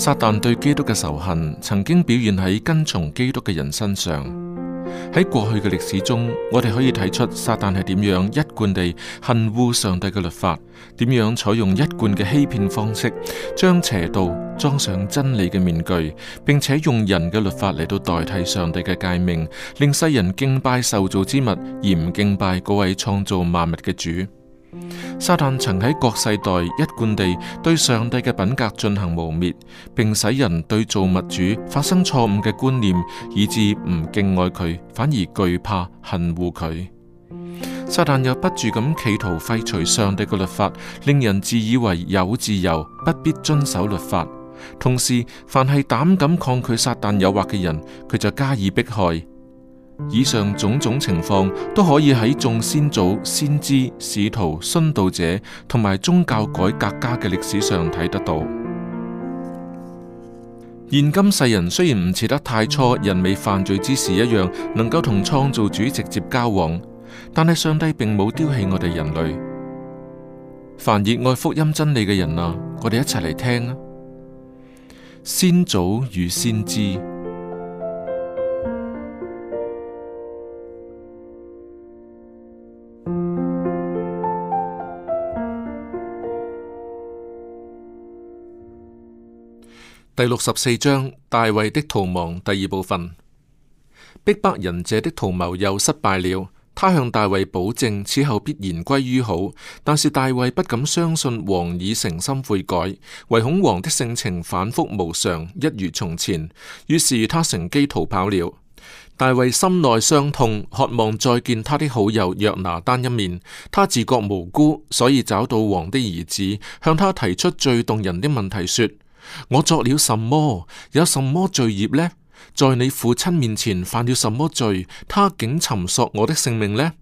撒旦對基督嘅仇恨，曾經表現喺跟從基督嘅人身上。喺過去嘅歷史中，我哋可以睇出撒旦係點樣一貫地恨惡上帝嘅律法，點樣採用一貫嘅欺騙方式，將邪道裝上真理嘅面具，並且用人嘅律法嚟到代替上帝嘅誡命，令世人敬拜受造之物，而唔敬拜嗰位創造萬物嘅主。撒旦曾喺各世代一貫地對上帝嘅品格進行磨滅，並使人對造物主發生錯誤嘅觀念，以至唔敬愛佢，反而懼怕恨惡佢。撒旦又不住咁企圖廢除上帝嘅律法，令人自以為有自由，不必遵守律法。同時，凡係膽敢抗拒撒旦誘惑嘅人，佢就加以迫害。以上種種情況都可以喺眾先祖、先知、使徒、殉道者同埋宗教改革家嘅歷史上睇得到。現今世人雖然唔似得太初人未犯罪之時一樣，能夠同創造主直接交往，但係上帝並冇丟棄我哋人類。凡熱愛福音真理嘅人啊，我哋一齊嚟聽啊！先祖與先知。第六十四章大衛的逃亡第二部分，逼迫人者的圖謀又失敗了。他向大衛保證，此後必然歸於好。但是大衛不敢相信王已誠心悔改，唯恐王的性情反復無常，一如從前。於是他乘機逃跑了。大衛心內傷痛，渴望再見他的好友約拿單一面。他自覺無辜，所以找到王的兒子，向他提出最動人的問題，說。我作了什麼，有什麼罪孽呢？在你父親面前犯了什麼罪，他竟尋索我的性命呢？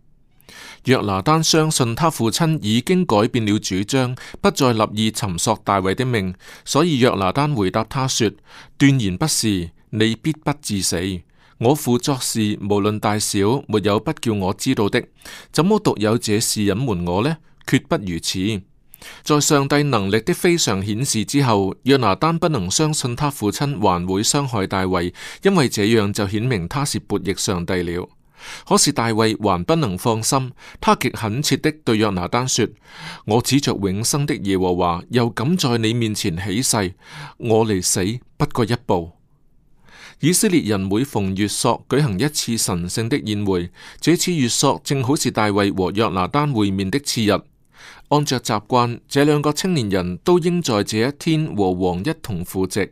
約拿單相信他父親已經改變了主張，不再立意尋索大衛的命，所以約拿單回答他說：斷然不是，你必不致死。我父作事無論大小，沒有不叫我知道的，怎麼獨有這事隱瞞我呢？決不如此。在上帝能力的非常顯示之後，約拿單不能相信他父親還會傷害大衛，因為這樣就顯明他是叛逆上帝了。可是大衛還不能放心，他極懇切的對約拿單說：我指着永生的耶和華，又敢在你面前起誓，我離死不過一步。以色列人每逢月朔舉行一次神聖的宴會，這次月朔正好是大衛和約拿單會面的次日。按着習慣，這兩個青年人都應在這一天和王一同赴席，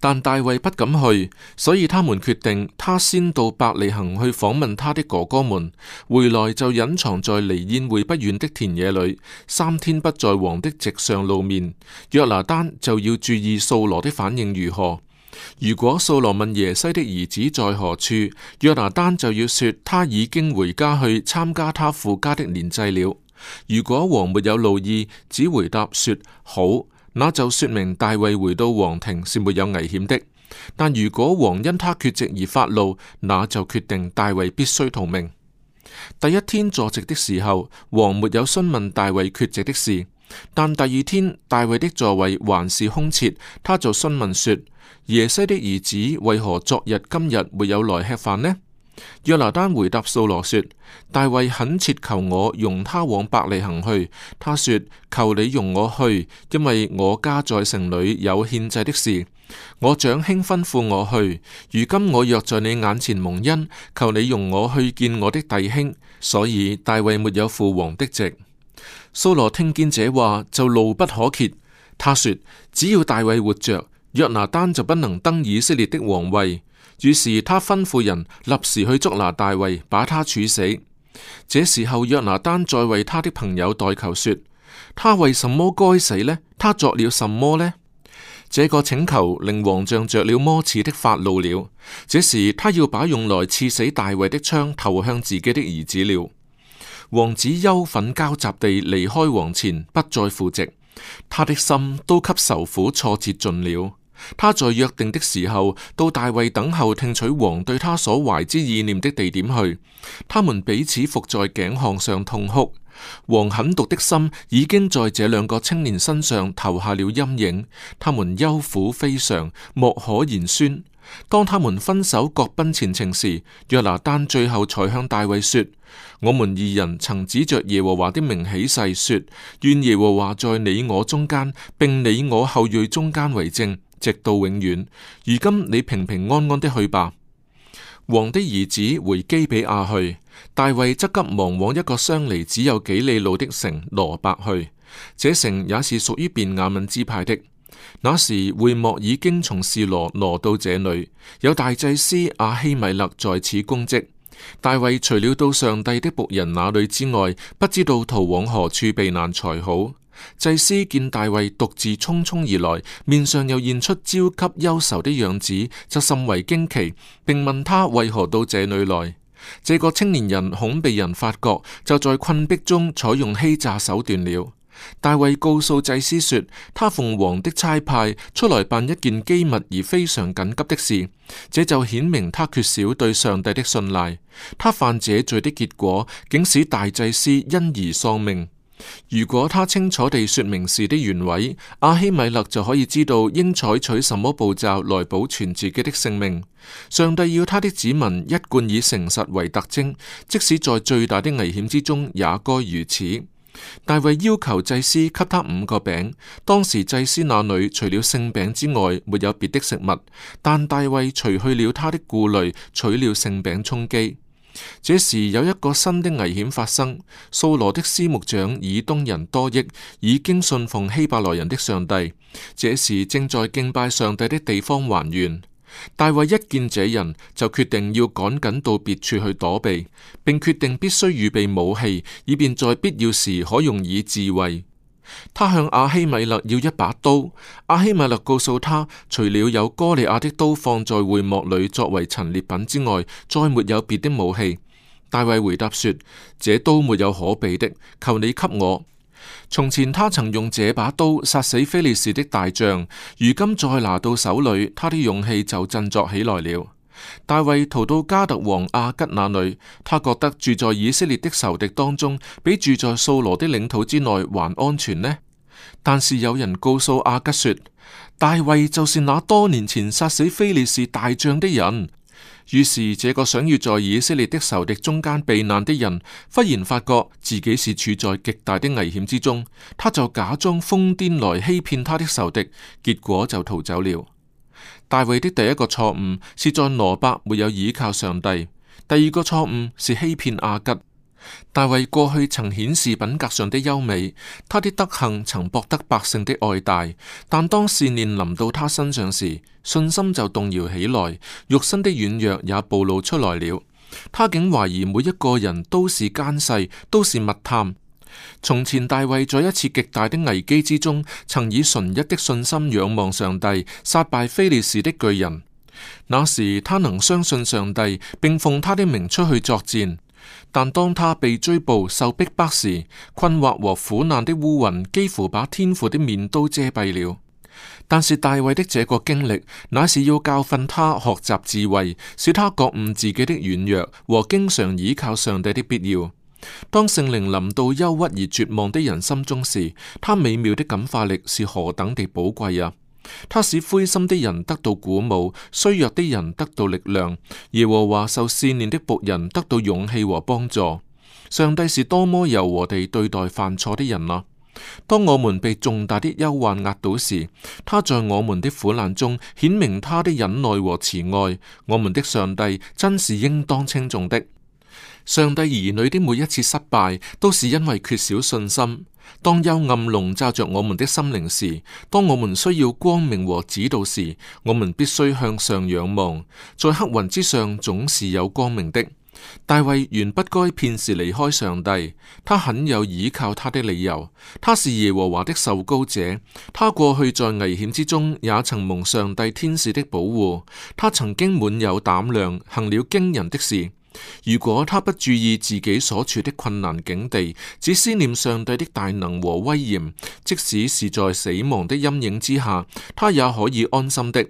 但大衛不敢去，所以他們決定他先到伯利恒去訪問他的哥哥們，回來就隱藏在離宴會不遠的田野裏，三天不在王的席上露面。約拿單就要注意掃羅的反應如何，如果掃羅問耶西的兒子在何處，約拿單就要說他已經回家去參加他父家的年祭了。如果王沒有怒意，只回答說好，那就說明大衛回到皇庭是沒有危險的；但如果王因他缺席而發怒，那就決定大衛必須逃命。第一天坐席的時候，王沒有詢問大衛缺席的事，但第二天大衛的座位還是空設，他就詢問說：耶西的兒子為何昨日今日沒有來吃飯呢？約拿單回答掃羅說：大衛懇切求我容他往伯利恒去。他說：求你容我去，因為我家在城裏有獻祭的事，我長兄吩咐我去。如今我若在你眼前蒙恩，求你容我去見我的弟兄。所以大衛沒有赴王的席。掃羅聽見這話就怒不可遏。他說：只要大衛活着，約拿單就不能登以色列的皇位。於是他吩咐人，立時去捉拿大衛，把他處死。這時候約拿丹再為他的朋友代求，說：他為什麼該死呢？他作了什麼呢？這個請求令王像着了魔似的發怒了。這時他要把用來刺死大衛的槍投向自己的兒子了。王子憂憤交集地離開王前，不再服職，他的心都給仇苦挫折盡了。他在約定的時候到大衛等候聽取王對他所懷之意念的地點去。他們彼此伏在頸項上痛哭。王狠毒的心已經在這兩個青年身上投下了陰影。他們憂苦非常，莫可言宣。當他們分手各奔前程時，約拿單最後才向大衛說：我們二人曾指着耶和華的名起誓，說願耶和華在你我中間，並你我後裔中間為證。直到永遠。如今你平平安安的去吧。王的兒子回基比亞去，大衛則急忙往一個相離只有幾里路的城羅伯去。這城也是屬於便雅憫支派的。那時會莫已經從示羅挪到這裏，有大祭司亞希米勒在此供職。大衛除了到上帝的僕人那裏之外，不知道逃往何處避難才好。祭司見大衛獨自匆匆而來，面上又現出焦急憂愁的樣子，就甚為驚奇，並問他為何到這裡來。這個青年人恐被人發覺，就在困逼中採用欺詐手段了。大衛告訴祭司說，他奉王的差派出來辦一件機密而非常緊急的事，這就顯明他缺少對上帝的信賴。他犯這罪的結果，竟使大祭司因而喪命。如果他清楚地說明事的原委，阿希米勒就可以知道應採取什麼步驟來保存自己的性命。上帝要他的子民一貫以誠實為特徵，即使在最大的危險之中也該如此。大衛要求祭司給他五個餅，當時祭司那裡除了聖餅之外沒有別的食物，但大衛除去了他的顧慮，取了聖餅充飢。這時有一個新的危險發生，掃羅的司牧長以東人多益已經信奉希伯來人的上帝，這時正在敬拜上帝的地方還願。大衛一見這人，就決定要趕緊到別處去躲避，並決定必須預備武器，以便在必要時可用以自衛。他向亞希米勒要一把刀，亞希米勒告訴他，除了有哥利亞的刀放在會幕裏作為陳列品之外，再沒有別的武器。大衛回答說：這刀沒有可比的，求你給我。從前他曾用這把刀殺死非利士的大將，如今再拿到手裏，他的勇氣就振作起來了。大衛逃到加特王阿吉那裏，他覺得住在以色列的仇敵當中，比住在掃羅的領土之內還安全呢。但是有人告訴阿吉說，大衛就是那多年前殺死菲利士大將的人。於是這個想要在以色列的仇敵中間避難的人，忽然發覺自己是處在極大的危險之中，他就假裝瘋癲來欺騙他的仇敵，結果就逃走了。大衛的第一個錯誤是在羅伯沒有依靠上帝；第二個錯誤是欺騙亞吉。大衛過去曾顯示品格上的優美，他的德行曾博得百姓的愛戴。但當試煉臨到他身上時，信心就動搖起來，肉身的軟弱也暴露出來了。他竟懷疑每一個人都是奸細，都是密探。從前大衛在一次極大的危機之中，曾以純一的信心仰望上帝，殺敗非利士的巨人。那時他能相信上帝，並奉他的名出去作戰。但當他被追捕、受逼迫時，困惑和苦難的烏雲幾乎把天父的面都遮蔽了。但是大衛的這個經歷，乃是要教訓他學習智慧，使他覺悟自己的軟弱和經常倚靠上帝的必要。當聖靈臨到憂鬱而絕望的人心中時，他美妙的感化力是何等地寶貴啊！他使灰心的人得到鼓舞，衰弱的人得到力量，耶和華受試煉的僕人得到勇氣和幫助。上帝是多麼柔和地對待犯錯的人啊！當我們被重大的憂患壓倒時，他在我們的苦難中顯明他的忍耐和慈愛。我們的上帝真是應當稱頌的。上帝兒女的每一次失敗，都是因為缺少信心。當幽暗籠罩着我們的心靈時，當我們需要光明和指導時，我們必須向上仰望。在黑雲之上，總是有光明的。大衛原不該片時離開上帝，他很有依靠他的理由。他是耶和華的受膏者，他過去在危險之中也曾蒙上帝天使的保護，他曾經滿有膽量，行了驚人的事。如果他不注意自己所處的困難境地，只思念上帝的大能和威嚴，即使是在死亡的陰影之下，他也可以安心的。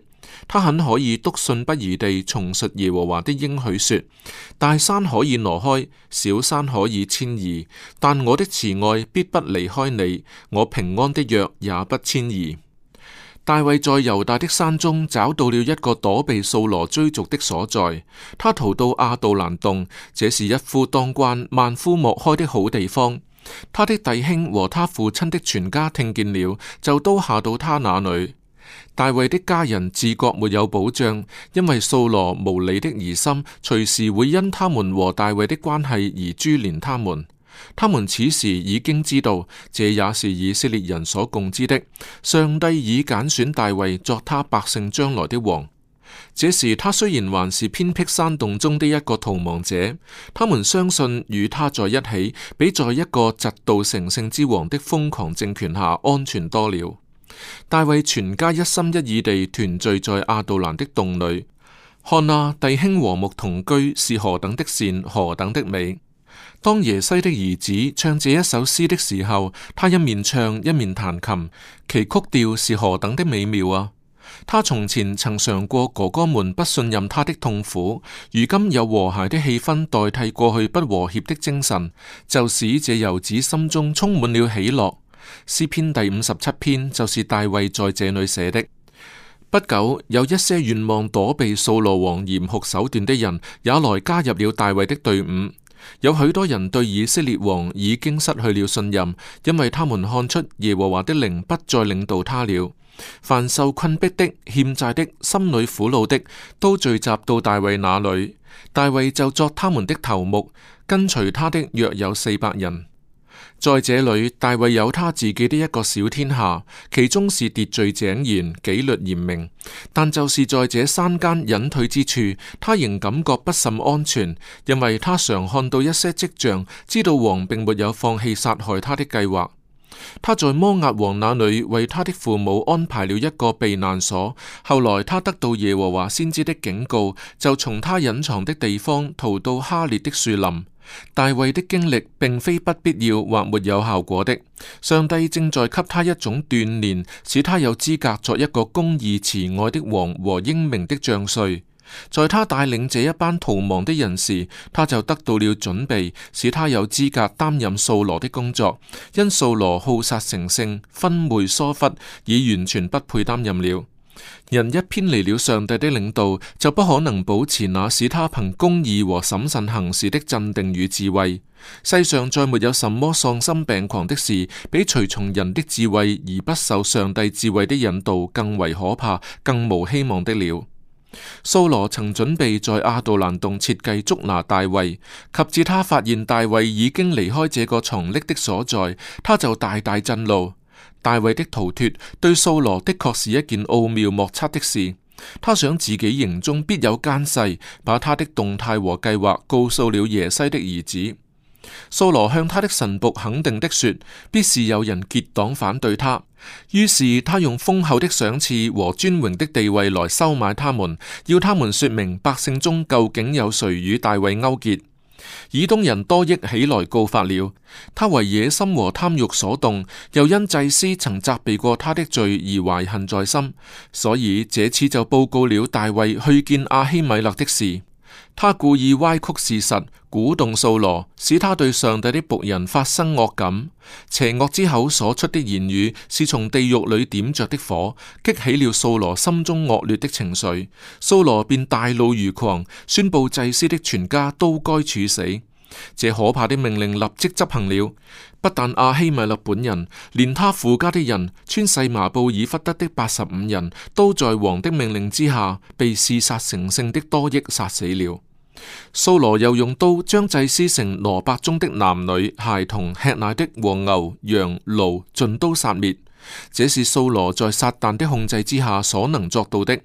他很可以篤信不疑地重述耶和華的應許，說：大山可以挪開，小山可以遷移，但我的慈愛必不離開你，我平安的約也不遷移。大衛在猶大的山中找到了一個躲避掃羅追逐的所在，他逃到亞杜蘭洞，這是一夫當關、萬夫莫開的好地方。他的弟兄和他父親的全家聽見了，就都下到他那裏。大衛的家人自覺沒有保障，因為掃羅無理的疑心，隨時會因他們和大衛的關係而株連他們。他們此時已經知道，這也是以色列人所共知的。上帝已揀選大衛作他百姓將來的王。這時他雖然還是偏僻山洞中的一個逃亡者，他們相信與他在一起，比在一個嫉妒成聖之王的瘋狂政權下安全多了。大衛全家一心一意地團聚在亞杜蘭的洞裏，看那、啊、弟兄和睦同居是何等的善，何等的美。當耶西的兒子唱這一首詩的時候，他一面唱，一面彈琴，其曲調是何等的美妙啊！他從前曾嘗過哥哥們不信任他的痛苦，如今有和諧的氣氛代替過去不和諧的精神，就使這游子心中充滿了喜樂。詩篇第五十七篇就是大衛在這裡寫的。不久，有一些願望躲避掃羅王嚴酷手段的人也來加入了大衛的隊伍。有許多人對以色列王已經失去了信任，因為他們看出耶和華的靈不再領導他了。凡受困迫的、欠債的、心裏苦惱的，都聚集到大衛那裏。大衛就作他們的頭目，跟隨他的約有四百人。在這裏，大衛有他自己的一個小天下，其中是秩序井然、紀律嚴明。但就是在這山間隱退之處，他仍感覺不甚安全，因為他常看到一些跡象，知道王並沒有放棄殺害他的計劃。他在摩押王那裏為他的父母安排了一個避難所，後來他得到耶和華先知的警告，就從他隱藏的地方逃到哈列的樹林。大衛的經歷並非不必要或沒有效果的。上帝正在給他一種鍛煉，使他有資格作一個公義慈愛的王和英明的將帥。在他帶領這一班逃亡的人時，他就得到了準備，使他有資格擔任掃羅的工作。因掃羅好殺成性，分梅疏忽，已完全不配擔任了。人一偏離了上帝的領導，就不可能保持那使他憑公義和審慎行事的鎮定與智慧。世上再沒有什麼喪心病狂的事，比隨從人的智慧而不受上帝智慧的引導更為可怕、更無希望的了。掃羅曾準備在亞杜蘭洞設計捉拿大衛，及至他發現大衛已經離開這個藏匿的所在，他就大大震怒。大衛的逃脱對掃羅的確是一件奧妙莫測的事。他想自己營中必有奸細，把他的動態和計劃告訴了耶西的兒子。掃羅向他的神僕肯定的說，必是有人結黨反對他。於是他用豐厚的賞賜和尊榮的地位來收買他們，要他們說明百姓中究竟有誰與大衛勾結。以東人多益起來告發了他，為野心和貪慾所動，又因祭司曾責備過他的罪而懷恨在心，所以這次就報告了大衛去見阿希米勒的事。他故意歪曲事實，鼓動掃羅，使他對上帝的僕人發生惡感。邪惡之口所出的言語，是從地獄裏點着的火，激起了掃羅心中惡劣的情緒。掃羅便大怒如狂，宣布祭司的全家都該處死。這可怕的命令立即執行了，不但亞希米勒本人，連他父家的人、穿細麻布以弗得的八十五人，都在王的命令之下被嗜殺成性的多益殺死了。掃羅又用刀將祭司城挪伯中的男女孩童、吃奶的和牛羊驢盡都殺滅，滅，這是掃羅在撒旦的控制之下所能做到的。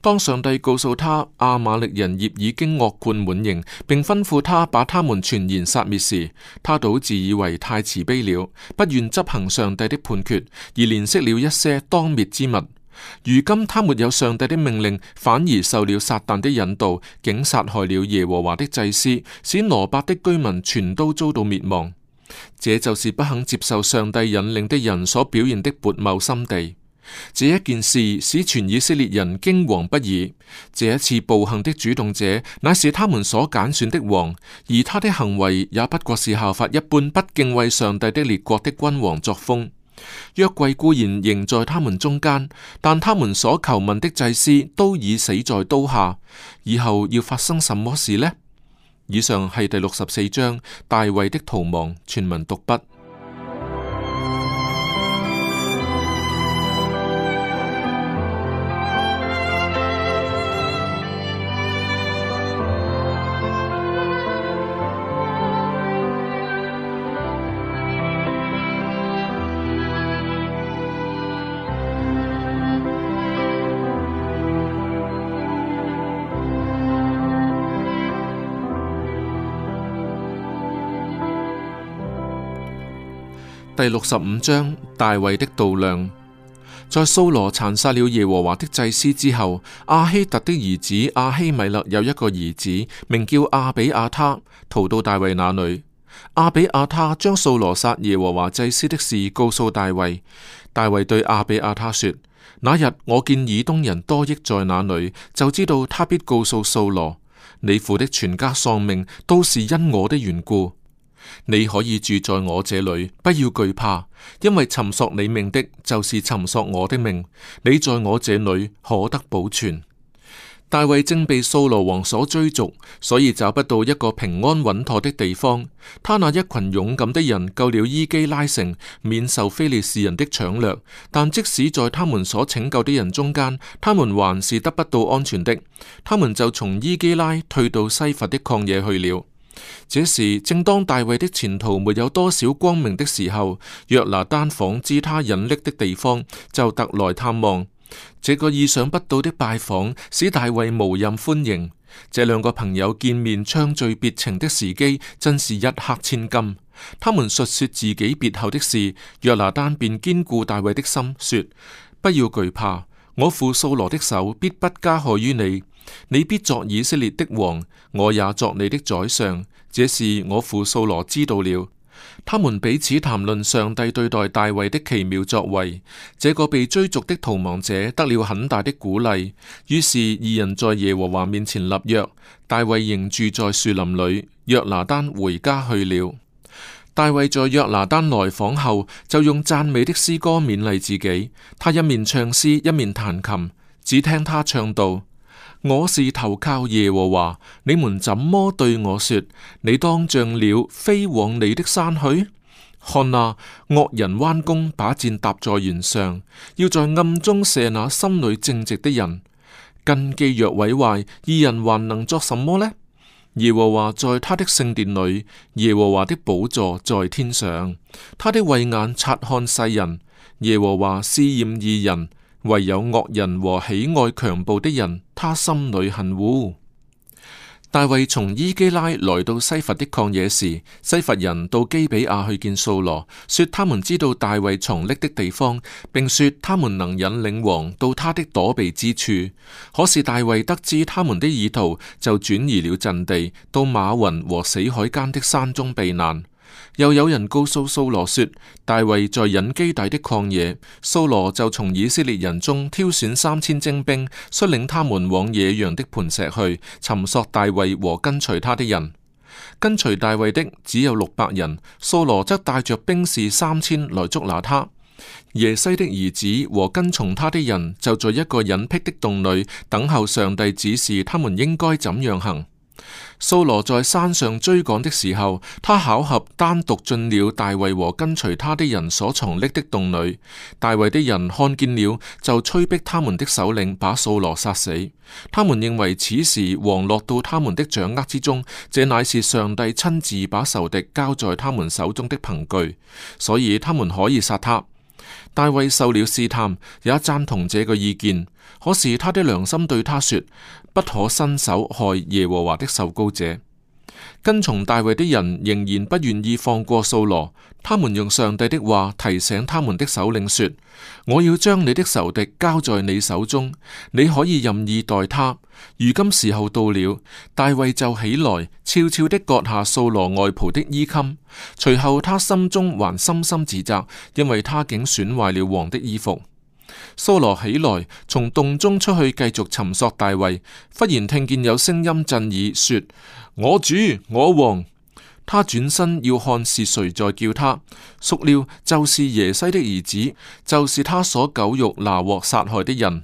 當上帝告訴他，亞瑪力人業已經惡貫滿盈，並吩咐他把他們全然殺滅時，他倒自以為太慈悲了，不願執行上帝的判決，而憐惜了一些當滅之物。如今他沒有上帝的命令，反而受了撒旦的引導，竟殺害了耶和華的祭司，使羅伯的居民全都遭到滅亡。這就是不肯接受上帝引領的人所表現的悖謬心地。這一件事使全以色列人驚惶不已。這一次暴行的主動者乃是他們所揀選的王，而他的行為也不過是效法一般不敬畏上帝的列國的君王作風。約櫃固然仍在他們中間，但他們所求問的祭司都已死在刀下。以後要發生什麼事呢？以上係第六十四章大衛的逃亡，全文讀畢。第六十五章，大衛的度量。在掃羅殘殺了耶和華的祭司之後，亞希突的兒子亞希米勒有一個兒子名叫亞比亞他，逃到大衛那裏。亞比亞他將掃羅殺耶和華祭司的事告訴大衛。大衛對亞比亞他說：那日我見以東人多益在那裏，就知道他必告訴掃羅。你父的全家喪命都是因我的緣故。你可以住在我這裏，不要懼怕，因為尋索你命的，就是尋索我的命。你在我這裏可得保存。大衛正被掃羅王所追逐，所以找不到一個平安穩妥的地方。他那一群勇敢的人救了伊基拉城，免受非利士人的搶掠。但即使在他們所拯救的人中間，他們還是得不到安全的。他們就從伊基拉退到西弗的曠野去了。這時正當大衛的前途沒有多少光明的時候，約拿單訪知他隱匿的地方，就特來探望。這個意想不到的拜訪使大衛無任歡迎。這兩個朋友見面暢敘別情的時機，真是一刻千金。他們述說自己別後的事，約拿單便堅固大衛的心，說不要懼怕。我父掃羅的手必不加害於你，你必作以色列的王，我也作你的宰相。這事我父掃羅知道了。他們彼此談論上帝對待大衛的奇妙作為，這個被追逐的逃亡者得了很大的鼓勵。於是二人在耶和華面前立約。大衛仍住在樹林裏，約拿單回家去了。大衛在約拿單來訪後，就用讚美的詩歌勉勵自己。他一面唱詩，一面彈琴。只聽他唱道：我是投靠耶和華，你們怎麼對我說？你當像鳥飛往你的山去？看啊，惡人彎弓，把箭搭在弦上，要在暗中射那心裏正直的人。根基若毀壞，義人還能作什麼呢？耶和華在他的聖殿裏，耶和華的寶座在天上。他的慧眼察看世人，耶和華試驗義人，唯有惡人和喜愛強暴的人，他心裏恨惡。大衛從伊基拉來到西弗的曠野時，西弗人到基比亞去見掃羅，說他們知道大衛藏匿的地方，並說他們能引領王到他的躲避之處。可是大衛得知他們的意圖，就轉移了陣地，到馬雲和死海間的山中避難。又有人告訴掃羅說，大衛在隱基底的曠野，掃羅就從以色列人中挑選三千精兵，率領他們往野羊的磐石去，尋索大衛和跟隨他的人。跟隨大衛的只有六百人，掃羅則帶着兵士三千來捉拿他。耶西的兒子和跟從他的人就在一個隱僻的洞裏等候上帝指示他們應該怎樣行。掃羅在山上追趕的時候，他巧合單獨進了大衛和跟隨他的人所藏匿的洞裏。大衛的人看見了，就催逼他們的首領把掃羅殺死。他們認為此時王落到他們的掌握之中，這乃是上帝親自把仇敵交在他們手中的憑據，所以他們可以殺他。大衛受了試探，也贊同這個意見。可是他的良心對他說：不可伸手害耶和華的受膏者。跟從大衛的人仍然不願意放過掃羅，他們用上帝的話提醒他們的首領說：我要將你的仇敵交在你手中，你可以任意待他。如今時候到了，大衛就起來悄悄的割下掃羅外袍的衣襟，隨後他心中還深深自責，因為他竟損壞了王的衣服。掃羅起來，從洞中出去，繼續尋索大衛。忽然聽見有聲音震耳，說：我主我王。他轉身要看是誰在叫他，孰料就是耶西的兒子，就是他所狗肉拿獲殺害的人。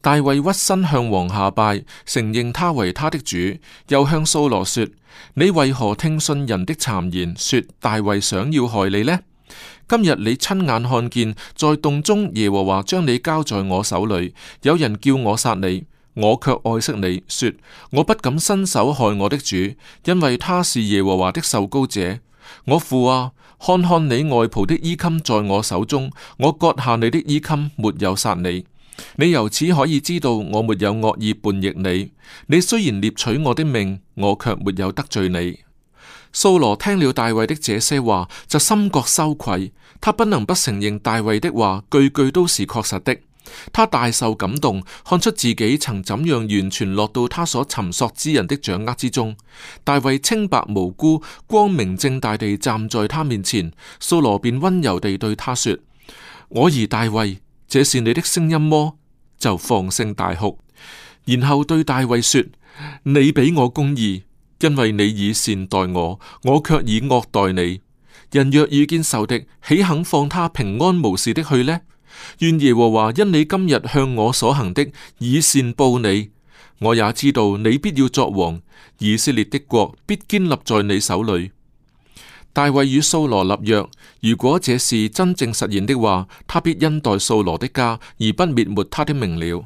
大衛屈身向王下拜，承認他為他的主，又向掃羅說：你為何聽信人的讒言，說大衛想要害你呢？今日你親眼看見，在洞中耶和華將你交在我手裏。有人叫我殺你，我卻愛惜你，說我不敢伸手害我的主，因為他是耶和華的受膏者。我父啊，看看你外袍的衣襟在我手中，我割下你的衣襟，沒有殺你。你由此可以知道我沒有惡意叛逆你。你雖然獵取我的命，我卻沒有得罪你。掃羅聽了大衛的這些話，就心覺羞愧。他不能不承認大衛的話句句都是確實的。他大受感動，看出自己曾怎樣完全落到他所尋索之人的掌握之中。大衛清白無辜，光明正大地站在他面前。掃羅便溫柔地對他說：我兒大衛，這是你的聲音麼、哦？就放聲大哭，然後對大衛說：你比我公義。因為你以善待我，我卻以惡待你。人若遇見仇敵，豈肯放他平安無事的去呢？願耶和華因你今日向我所行的，以善報你。我也知道你必要作王，以色列的國必堅立在你手裏。大衛與掃羅立約，如果這事真正實現的話，他必恩待掃羅的家，而不滅沒他的名了。」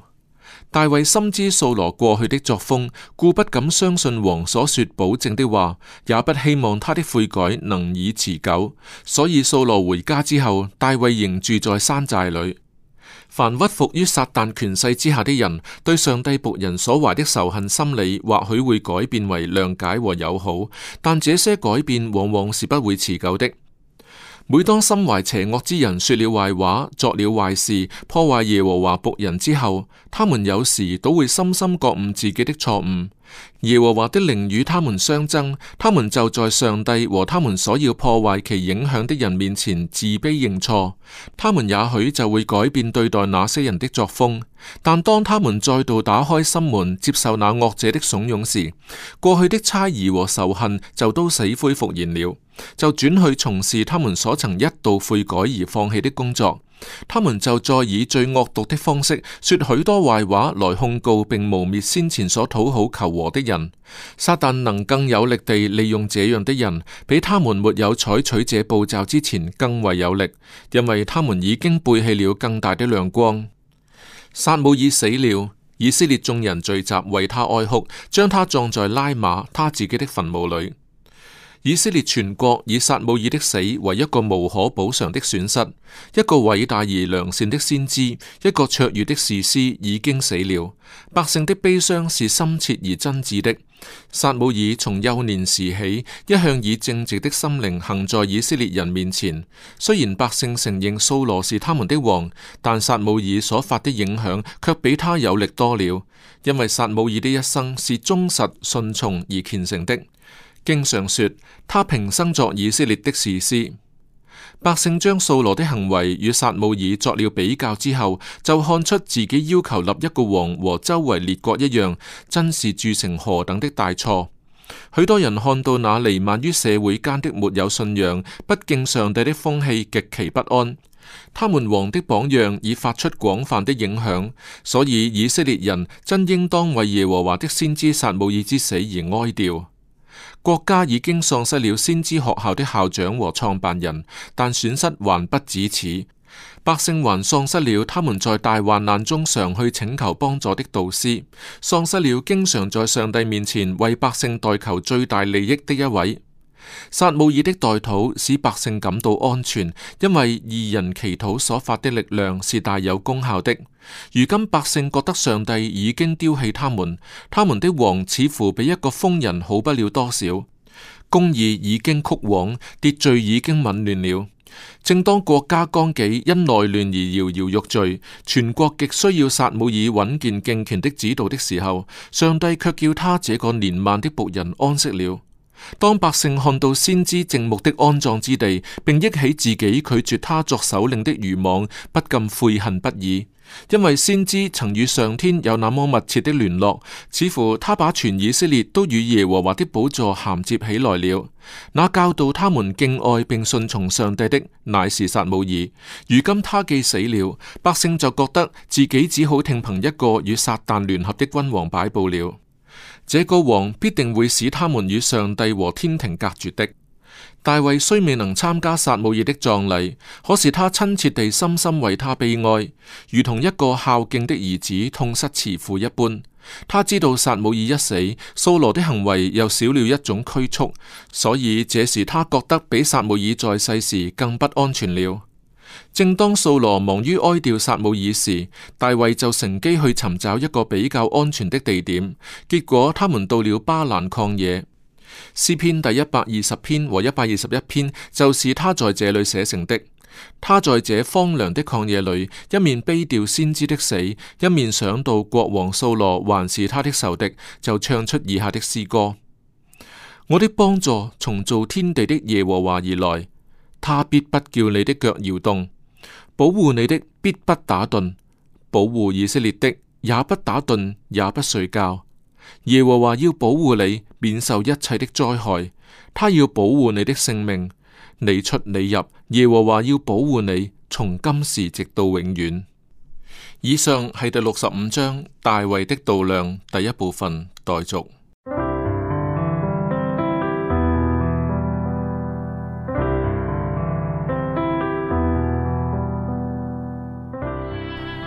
大衛深知掃羅過去的作風，故不敢相信王所說保證的話，也不希望他的悔改能以持久。所以掃羅回家之後，大衛仍住在山寨裏。凡屈服於撒旦權勢之下的人，對上帝僕人所懷的仇恨心理，或許會改變為諒解和友好，但這些改變往往是不會持久的。每當心懷邪惡之人說了壞話、作了壞事、破壞耶和華僕人之後，他們有時都會深深覺悟自己的錯誤。耶和華的靈與他們相爭，他們就在上帝和他們所要破壞其影響的人面前自卑認錯。他們也許就會改變對待那些人的作風，但當他們再度打開心門接受那惡者的慫恿時，過去的猜疑和仇恨就都死灰復燃了，就轉去從事他們所曾一度悔改而放棄的工作。他們就再以最惡毒的方式說許多壞話來控告並污衊先前所討好求和的人。撒旦能更有力地利用這樣的人，比他們沒有採取這步驟之前更為有力，因為他們已經背棄了更大的亮光。撒母耳死了，以色列眾人聚集為他哀哭，將他葬在拉馬他自己的墳墓裏。以色列全國以撒母耳的死為一個無可補償的損失，一個偉大而良善的先知，一個卓越的士師已經死了。百姓的悲傷是深切而真摯的。撒母耳從幼年時起，一向以正直的心靈行在以色列人面前。雖然百姓承認掃羅是他們的王，但撒母耳所發的影響卻比他有力多了，因為撒母耳的一生是忠實、順從而虔誠的。經常說，他平生作以色列的士師。百姓將掃羅的行為與撒母耳作了比較之後，就看出自己要求立一個王，和周圍列國一樣，真是鑄成何等的大錯。許多人看到那彌漫於社會間的沒有信仰、不敬上帝的風氣，極其不安。他們王的榜樣已發出廣泛的影響，所以以色列人真應當為耶和華的先知撒母耳之死而哀悼。國家已經喪失了先知學校的校長和創辦人，但損失還不止此。百姓還喪失了他們在大患難中常去請求幫助的導師，喪失了經常在上帝面前為百姓代求最大利益的一位。撒母耳的代禱使百姓感到安全，因為義人祈禱所發的力量是大有功效的。如今百姓覺得上帝已經丟棄他們，他們的王似乎比一個瘋人好不了多少。公義已經曲枉，秩序已經紊亂了。正當國家綱紀因內亂而搖搖欲墜，全國極需要撒母耳穩健敬虔的指導的時候，上帝卻叫他這個年邁的僕人安息了。當百姓看到先知靜穆的安葬之地，並憶起自己拒絕他作首領的愚妄，不禁悔恨不已。因為先知曾與上天有那麼密切的聯絡，似乎他把全以色列都與耶和華的寶座銜接起來了。那教導他們敬愛並順從上帝的，乃是撒母耳。如今他既死了，百姓就覺得自己只好聽憑一個與撒旦聯合的君王擺布了。這個王必定會使他們與上帝和天庭隔絕的。大衛雖未能參加撒母耳的葬禮，可是他親切地、深深為他悲哀，如同一個孝敬的兒子痛失慈父一般。他知道撒母耳一死，掃羅的行為又少了一種拘束，所以這時他覺得比撒母耳在世時更不安全了。正當掃羅忙於哀悼撒母耳時，大衛就乘機去尋找一個比較安全的地點。結果他們到了巴蘭曠野。詩篇第一百二十篇和一百二十一篇就是他在這裏寫成的。他在這荒涼的曠野裏，一面悲悼先知的死，一面想到國王掃羅還是他的仇敵，就唱出以下的詩歌：我的幫助從造天地的耶和華而來。他必不叫你的腳搖動，保護你的必不打盹，保護以色列的也不打盹也不睡覺。耶和華要保護你免受一切的災害，他要保護你的性命，你出你入，耶和華要保護你從今時直到永遠。以上係第六十五章大衛的度量第一部分待續。